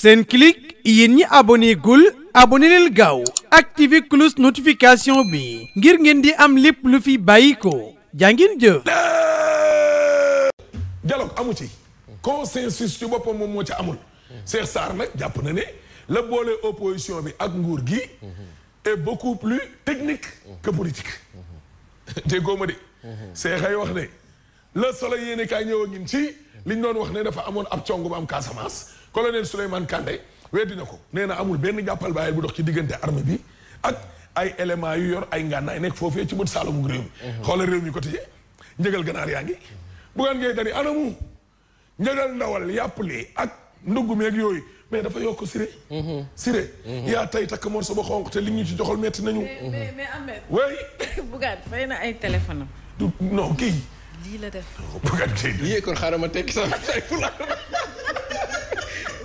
seen Senclic yéen ñi abonné gul abonné leen gaaw activé cloche notification bi ngir ngeen di am lépp lu fi bàyyi ko jàngin jë dialogue amu ci consensus ci boppam moom moo ci amul Cheikh Sarr nag jàpp na ne la boole opposition bi ak nguur gi est beaucoup plus technique que politique déggoo ma de Cheikh ay wax ne Le Soleil yéene kaay ñëw a ngin ci liñ doon wax ne dafa amoon ab cong bu am Casamance colonel Souleymane Kandé weddi na ko nee na amul benn jàppal bàyyil bu dox ci diggante armée bi ak ay éléments yu yor ay ngànnaay nekk foofee ci bët saalamu réew mi mhm. xoolal réew mi ko tijjee njëgal ganaar yaa ngi buggaan ngay tani anamu mais dafa yokk siré mhm. siré mhm. yaa tay takk mor sa ba xonq te li ñu ci joxol metti nañu mais mais Ahmed oui bugaan fay na ay téléphone am non kii lii la def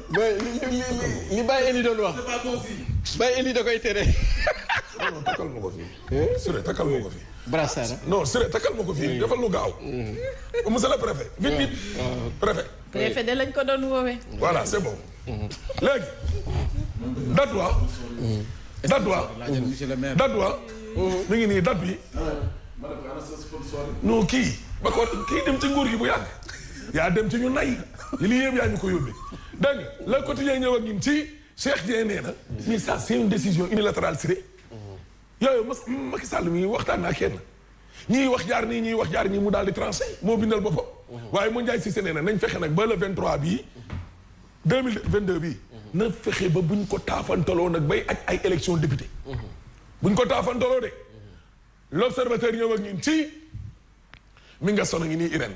mais li li li doon wax. Baye Eli da koy tere. non non takkal ma ko fii. Siré takkal ma ko fii. brassard non Siré takkal ma ko fii defal lu gaaw. Mm-hmm. monsieur le préfet. vite vite préfet. préfet de lañ ko doon woowee. voilà c'est bon. léegi. Dadwa. Dadwa. Dadwa. mi ngi nii dat bi. Ah, non kii. ba ko kii dem ci nguur gi bu yàgg. yaa dem ci ñu nay. li yëpp yaa ñu ko yóbbee. dégg nga le quotidien ñëw ak ñun ci Cheikh Dieng nee na. mais ça c'est une décision unilatérale Siré. yooyu Macky Sall mi waxtaan naa kenn. ñii wax jaar nii ñii wax jaar nii mu daal di tranché moo bindal boppam. waaye mu njaay si seen na nañ fexe nag ba le 23 bii. 2022 bii. na fexe ba buñ ko taafantaloo nag bay ak ay élection député. buñ ko taafantaloo de. l'observateur ñëw ak ñun ci. mi nga sonn ngi nii Irène.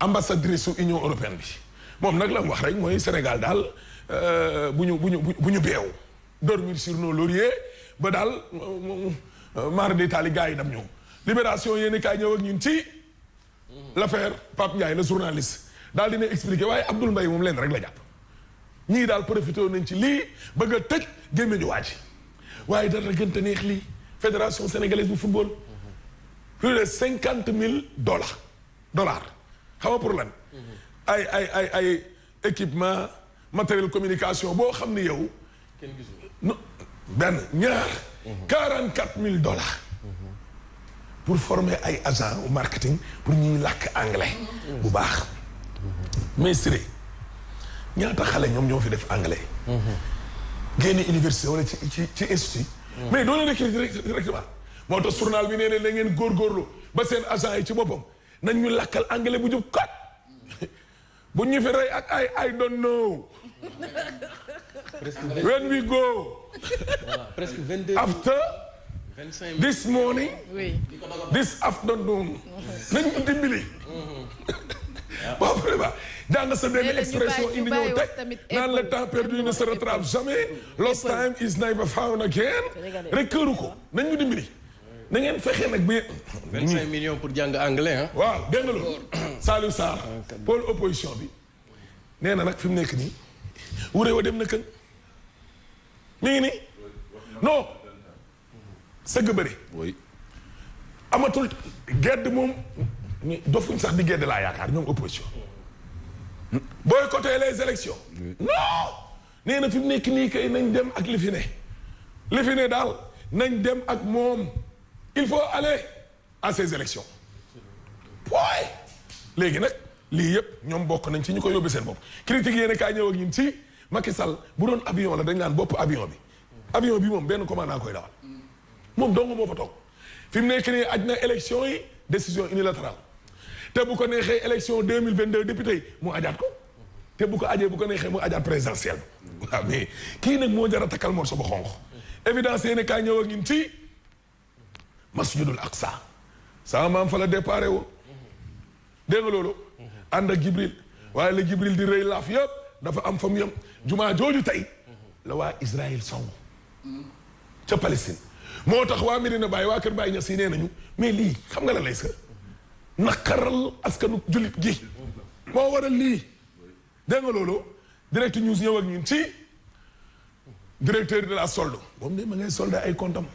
ambassadrice su Union européenne bi. moom nag la mu wax rek mooy Sénégal daal euh, bu ñu bu ñu bu ñu beew dormir sur nos lauriers ba daal euh, mare de taali gars yi dam ñëw libération yéen kaay ñëw ak ñun ci l'affaire Pape Ndiaye le journaliste daal dina expliqué waaye Abdoul mbay moom leen rek la jàpp ñii daal profité nañ ci lii bëgg a tëj gémmeñu waa ji waaye dara gënta neex lii fédération sénégalaise bu football plus de cinquante mille dollars dollars xam pour lan ay ay ay ay équipement matériel communication boo xam ni yow. kenn gisul benn ñaar. 44 000 dollars. pour former ay agent au marketing pour ñuy làkk anglais. bu baax. mais Siré ñaata xale ñoom ñoo fi def anglais. génn université wala ci ci ci institut. mais doo leen recruter directement. moo tax journal bi nee na ngeen góorgóorlu ba seen agent yi ci boppam nañ ñu làkkal anglais bu jub kat. bu ñu fi rey ay I don't know. presque when we go. voilà presque vingt deux after. vingt cinq minutes this morning. this afternoon. nañ ko dimbali. waaw mm-hmm. vraiment jàng sa benn expression indi ñëw teg naan le temps perdu ne se rattrape jamais. lost time is never found again. rek këru ko nañ na ngeen fexe nag ba. 25 mm. millions pour jàng anglais waaw dégg nga loolu. Saliou Sarr pôle opposition bi. nee na nag fi mu nekk nii. wure dem na kën. mi ngi nii. non. sëgg bëri. oui. amatul gedd moom. dofuñ sax di gedd laa yaakaar ñoom opposition. boycotter les élections. non. nee na fi mu nekk nii kay nañ dem ak li fi ne. li fi ne daal nañ dem ak moom. il faut aller a ces élections point léegi nag lii yëpp ñoom bokk nañ ci ñu ko yóbbu seen bopp critique yéen kaa ñëw ak ñun ci Macky sal bu doon avion la dañ naan bopp avion bi avion bi moom benn commandant koy dawal moom dong moo fa toog fi mu nekk nii aj na élection yi décision unilatérale te bu ko neexee élection deux mille vingt deux député yi mu ajaat ko te bu ko ajee bu ko neexee mu ajaat présidentielle bi kii nag moo jar a takkal ba xonq évidence yéen masjidul aqsa sama maam fa la déparé woon dégg nga loolu ànd ak waaye la jibril di rëy laaf yëpp dafa am fa mu yem jumaa jooju tey la waa israël song ca palestine moo tax waa Medina Baye waa Kër Baye ña si nee nañu mais lii xam nga la lay sa naqaral askanu jullit gi moo waral lii dégg nga loolu direct news ñëw ak ci directeur de la moom ne ma ngay solde ay comptam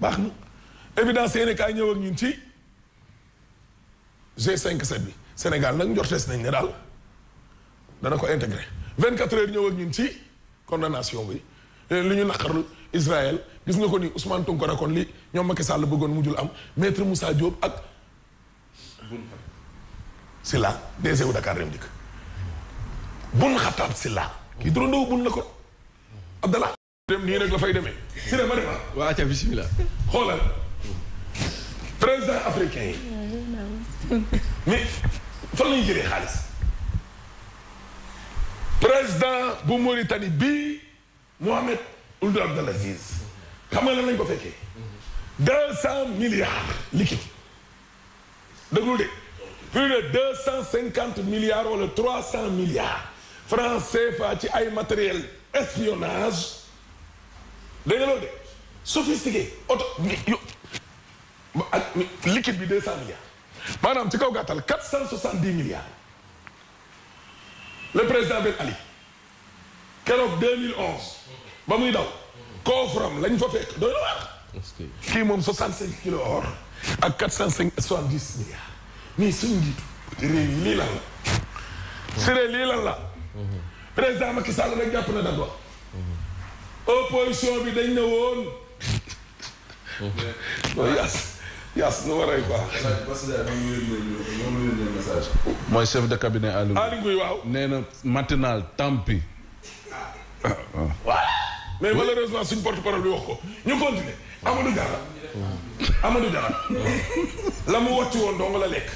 baax na évidence yéen kaay ñëw ak ñun ci G5 Sahel bi Sénégal nag njortees nañ ne daal dana ko intégré 24 heures ñëw ak ñun ci condamnation bi li ñu naqarlu Israël gis nga ko ni Ousmane Tounkara kon li ñoom Macky Sall bëggoon mujjul am maître Moussa Diop ak. Silla DG wu Dakar Dem Dikk bun xataab Silla kii turandoo bun la ko Abdallah dem nii rek la fay demee. si ne ma dem ah. waa ca bisimilah xoolal. président africain yi. mais fan la ñuy jëlee xaalis. président bu Mauritanie bii Mohamed Ould Abdel Aziz xam nga lan lañ ko fekkee. deux cent milliards liquide. déglu de plus de deux cent cinquante milliards wala trois cent milliards francs CFA ci ay matériel espionnage dégg nga loolu de sophistiqué oto ak liquide bi deux sa milliards maanaam ci kaw gàttal quatre cent soixante dix le président Ben Ali keroog deux ba muy daw koofram lañ fa fekk doy na waar kii moom soixante cinq kilo or ak quatre cent soixante dix milliards mais lii lan la su réew lii lan la président Macky Sall rek jàpp na mhm. opposition bi dañ ne woon. Mhm. yaas nu waray quoi. message. mooy chef de cabinet Aliou. Aliou waaw. nee na matinal tant pis. voilà. suñ porte parole bi wax ko ñu continuer Amadou Diarra. Amadou Diarra. la mu wàcc woon dong la lekk.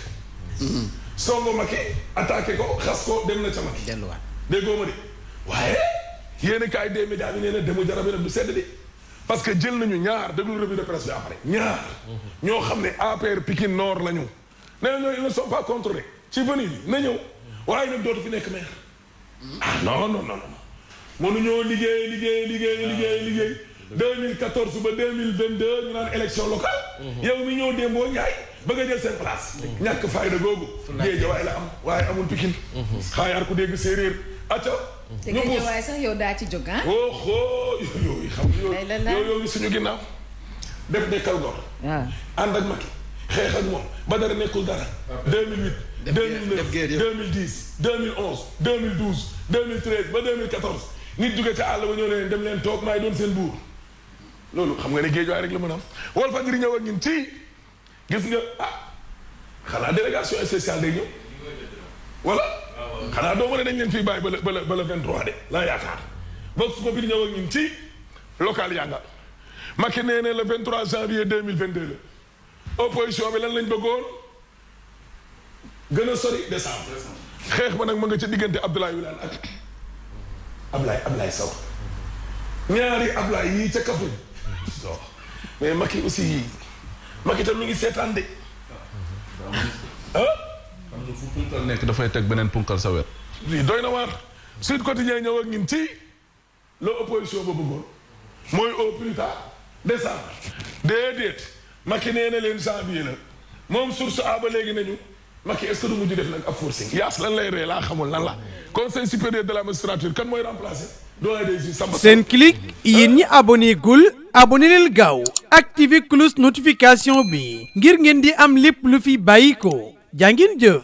songo Macky attaqué ko xas ko dem na ca Macky. delluwaat déggoo ma de waaye. yéen a kaay des médias bi demu Diarra bi nag du sedd de. parce que jël nañu ñaar déglu revue de presse bi après ñaar ñoo xam ne APR Pikine noor la ñu nee ñoo ils ne sont pas contrôlés ci venir bi na ñëw waaye nag dootu fi nekk maire ah non non non mënuñoo liggéey liggéey liggéey ah. liggéey liggéey 2014 ba 2022 ñu naan élection locale mhm. yow mi ñëw démboo Njaay bëgg a jël place mhm. ñàkk fayda googu géej waaye la am waaye amul Pikine mhm. xaayaar ku dégg séeréer aca te géejawaay sax yow daa ci jóg ah. oh, oh yooyu xam nga yooyu suñu ginnaaw. def nekkal gor. Ah. waaw ànd ak Macky xeex ak moom ba dara nekkul dara. 2008 2009 2010 2011 2012 2013 ba 2014 nit jóge ca àll ba ñoo leen dem leen toog maay doon seen buur. loolu xam nga ne géejawaay rek la mën a am Walfadjri ñëw ak ñun ci gis nga ah xanaa délégation spéciale day ñëw voilà. xanaa doo ma dañ leen fii bàyyi ba le ba le ba le 23 de laa yaakaar donc su ko biir ñëw ak ñun ci local yaa nga Macky nee ne le 23 janvier 2022 la opposition bi lan lañ bëggoon gën a sori décembre. xeex ba nag ma nga ca diggante Abdoulaye Wilane ak Ablaye Ablaye Sow ñaari Ablaye yii ca Kaffrine mais Macky aussi mag Macky tam mu ngi seetaan de que fu punkal nekk dafay teg beneen punkal sa wet lii doy na waar Sud Quotidien ñëw ak ñun ci la opposition mooy au plus tard décembre déedéet nee leen janvier la moom source a ba léegi nañu Macky est-ce que du mujj def nag ab forcing yaas lan lay ree laa xamul lan la conseil supérieur de la magistrature kan mooy remplacer doyen des juges Samba Senclic yéen ñi abonné gul abonné leen gaaw activé cloche notification bi ngir ngeen di am lépp lu fi bàyyi ko jaa ngeen jëf